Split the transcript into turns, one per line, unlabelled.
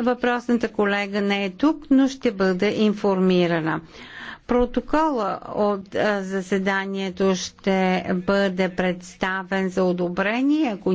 Въпросната колега не е тук, но ще бъде информирана. Протокола от заседанието ще бъде представен за
одобрение. Ако